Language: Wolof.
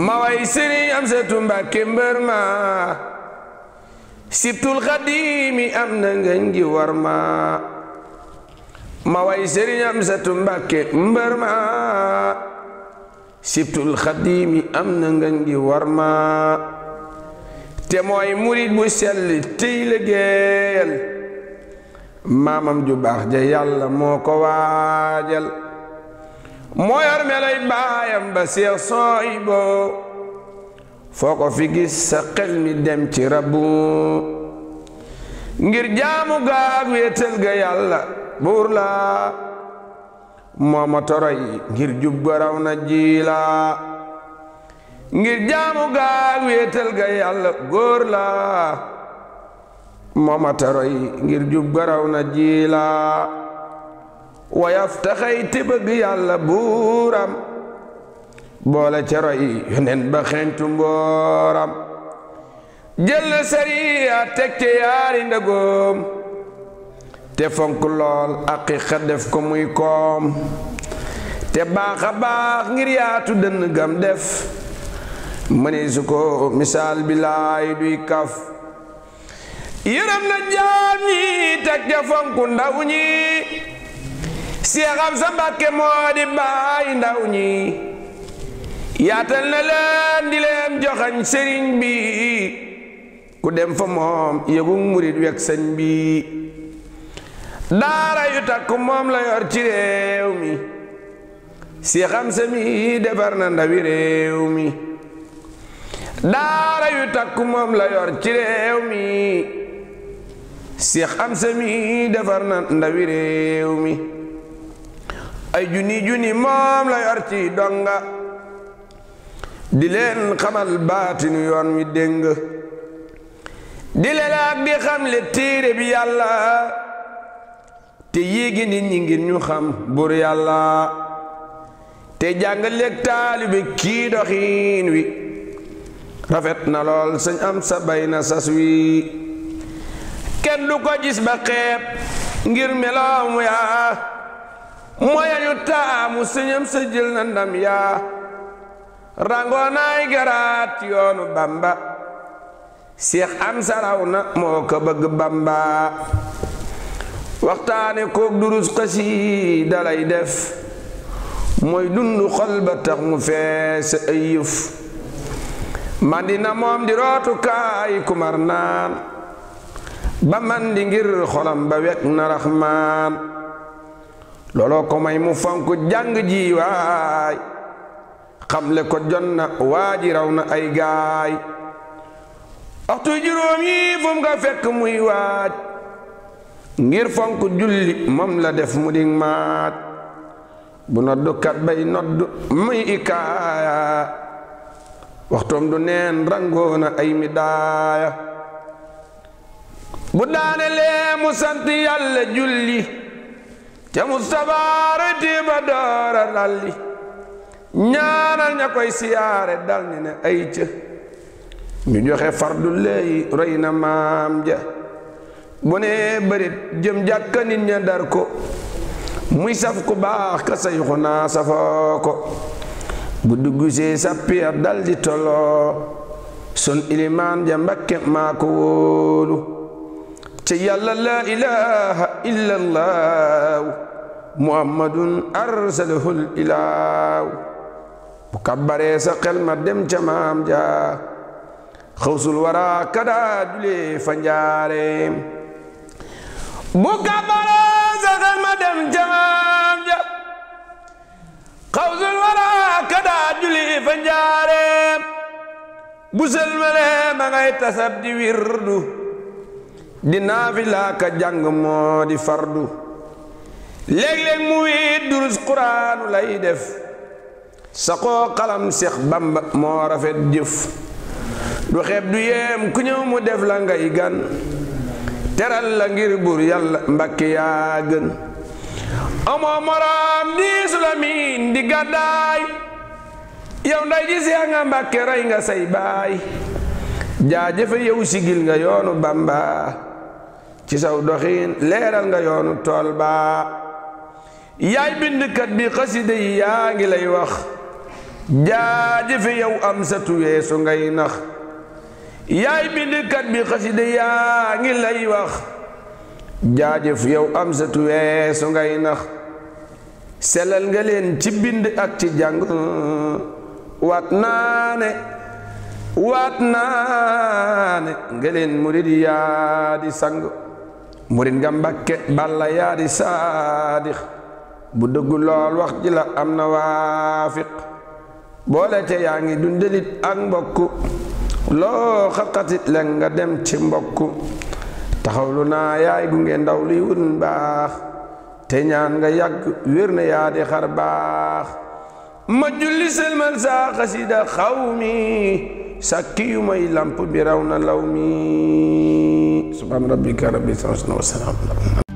ma way sëriñ sa tumbàkke mbër ma sibtul xadiimi am na ngeen gi war ma ma way sëriñ am sa tumbàkke mbër ma sibtul xadiimi am na war ma te mooy murit bu sell tey liggéeyal maamam ju baax ja yàlla moo ko waajal moo yor melay baayam ba seex sooyibo foo ko fi gis sa xel mi dem ci rabbu ngir jaamu gaag wéetal ga yàlla buur la mooma toroy ngir jub garaw na jiila ngir jaamu gaag ga yàlla góor la mooma toroy ngir jub garaw na jiila wa yaftaxay ti bëgg yàlla buuram boole ca roy yonen ba xentu mbooram jël sariya teg ci yaari ndagoom te fonk lool aqiqa def ko muy koom te baax baax ngir yaatu dënn gam def mëni su ko misaal bi laay duy kaf yërëm na jaam ñi teg te fonk ndaw ñi Cheikh Amsa Mbàkke moo di baay ndaw ñi yaatal na leen di leen joxañ sëriñ bi ku dem fa moom yëgu murit wek sëñ bi daara yu takku moom la yor ci réew mi Cheikh Amsa mi defar na ndawi réew mi daara yu takku moom la yor ci réew mi Cheikh Amsa mi defar na ndawi réew mi ay junni junni moom la yor ci donga di leen xamal baatinu yoon wi déng di lelaak di xam le téere bi yàlla te yéegi nit ñi ngir ñu xam bur yàlla te jàngaleeg taalibe kii doxiin wi rafet na lool sañ am sa na sas wi kenn du ko gis ba xeeb ngir meloom yaa moyañu taamu sëñam sa jël na ndam rangoonaay garaat yoonu bamba seex am saraw na moo ko bëgg bamba waxtaane koog durus xasi dalay def mooy dund xol tax mu fees ay yëf mandina moom di rootukaay kumar naan ba mandi ngir xolam ba wek na raxmaan looloo ko may mu fonk jàng ji waay xamle ko jon na waa ji raw na ay gaay waxtu juróom yi fu nga fekk muy waaj ngir fonk julli moom la def mu ding maat bu noddukat bay noddu muy ikaaya waxtoom du neen rangoona ay midaaya bu daane lee mu sant yàlla julli te Mustapha rëti ba doora dalli ñaanal ña koy siyaare dal ni ne ay ca ñu joxe fardu léeyi roy na maam ja bu ne bërit jëm jàkka nit ña dar ko muy saf ku baax ka sayxu naa safoo ko bu duggusee sappi dal di toloo sun ilimaan ja mbakke maa ko wóolu te yàlla laa ilaha illa allah muhammadun arsalahul ilaaw bu kabbaree sa xel dem ca ja xawsul wara kada dule fa njaare bu kabbaree sa di wirdu di naafila ka jàng moo di fardu léeg-léeg mu wiit durus quraanu lay def sa koo xalam seex bamba moo rafet jëf du xeeb du yeem ku ñëw mu def la ngay gan teral la ngir bur yàlla mbakki yaa gën amoo moroom di sulamin di gàddaay yow nday ji see nga mbàkke rey nga say baay jaajëfe yow sigil nga yoonu bamba ci saw doxiin leeral nga yoonu tool baa yaay bindkat bi xasida yi yaa ngi lay wax jaajëfe yow am sa tuweesu ngay wax jaajëf yow am ngay nax selal nga leen ci bind ak ci jàng waat naa waat naa nga leen murid yaa di sang murit nga mbakke balla yaa di saadix bu dëggu lool wax ji la am na waafiq boole te yaa ngi dundelit ak mbokku loo xaqatit leen nga dem ci mbokku taxawlu naa yaay gunge ndaw liy wut baax te ñaan nga yàgg wér na yaa di xar baax ma julli selmal saa xasida xaw mi sakki yu may lamp bi raw na law mi subhaana rabbika rabbil izzati wa salaamun